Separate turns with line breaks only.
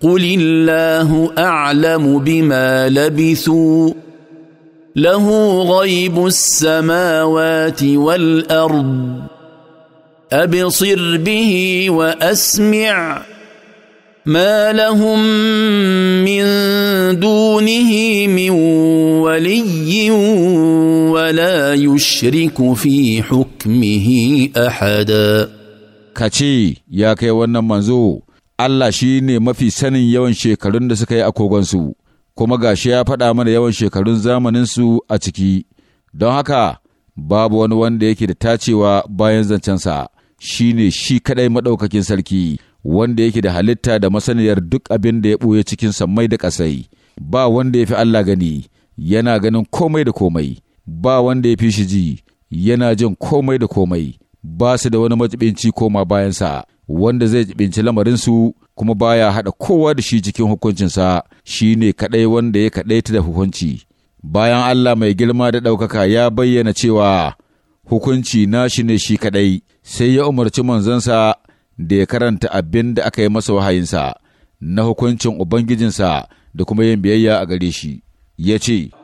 قل الله اعلم بما لبثوا له غيب السماوات والارض ابصر به واسمع ما لهم من دونه من ولي ولا يشرك في حكمه
احدا كتي يا كي ونمزو Allah shi ne mafi sanin yawan shekarun da suka yi a kogonsu, kuma shi ya faɗa mana yawan shekarun zamaninsu a ciki, don haka babu wani wanda yake da tacewa bayan zancensa, shi ne shi kaɗai maɗaukakin sarki, wanda yake da halitta da masaniyar duk abin da ya ɓoye cikin sammai da ƙasai, ba wanda ya fi Allah gani, yana ganin komai da komai, ba wanda ya fi shi ji, yana jin komai da komai, ba su da wani matsibinci koma bayansa. wanda zai jibinci lamarinsu kuma baya haɗa kowa da shi cikin hukuncinsa shi ne kaɗai wanda ya kaɗaita da hukunci. Bayan Allah mai girma da ɗaukaka ya bayyana cewa hukunci na shi ne shi kaɗai, sai ya umarci manzansa da ya karanta abin da aka yi masa wahayinsa na hukuncin Ubangijinsa da kuma yin biyayya a gare shi. Ya ce,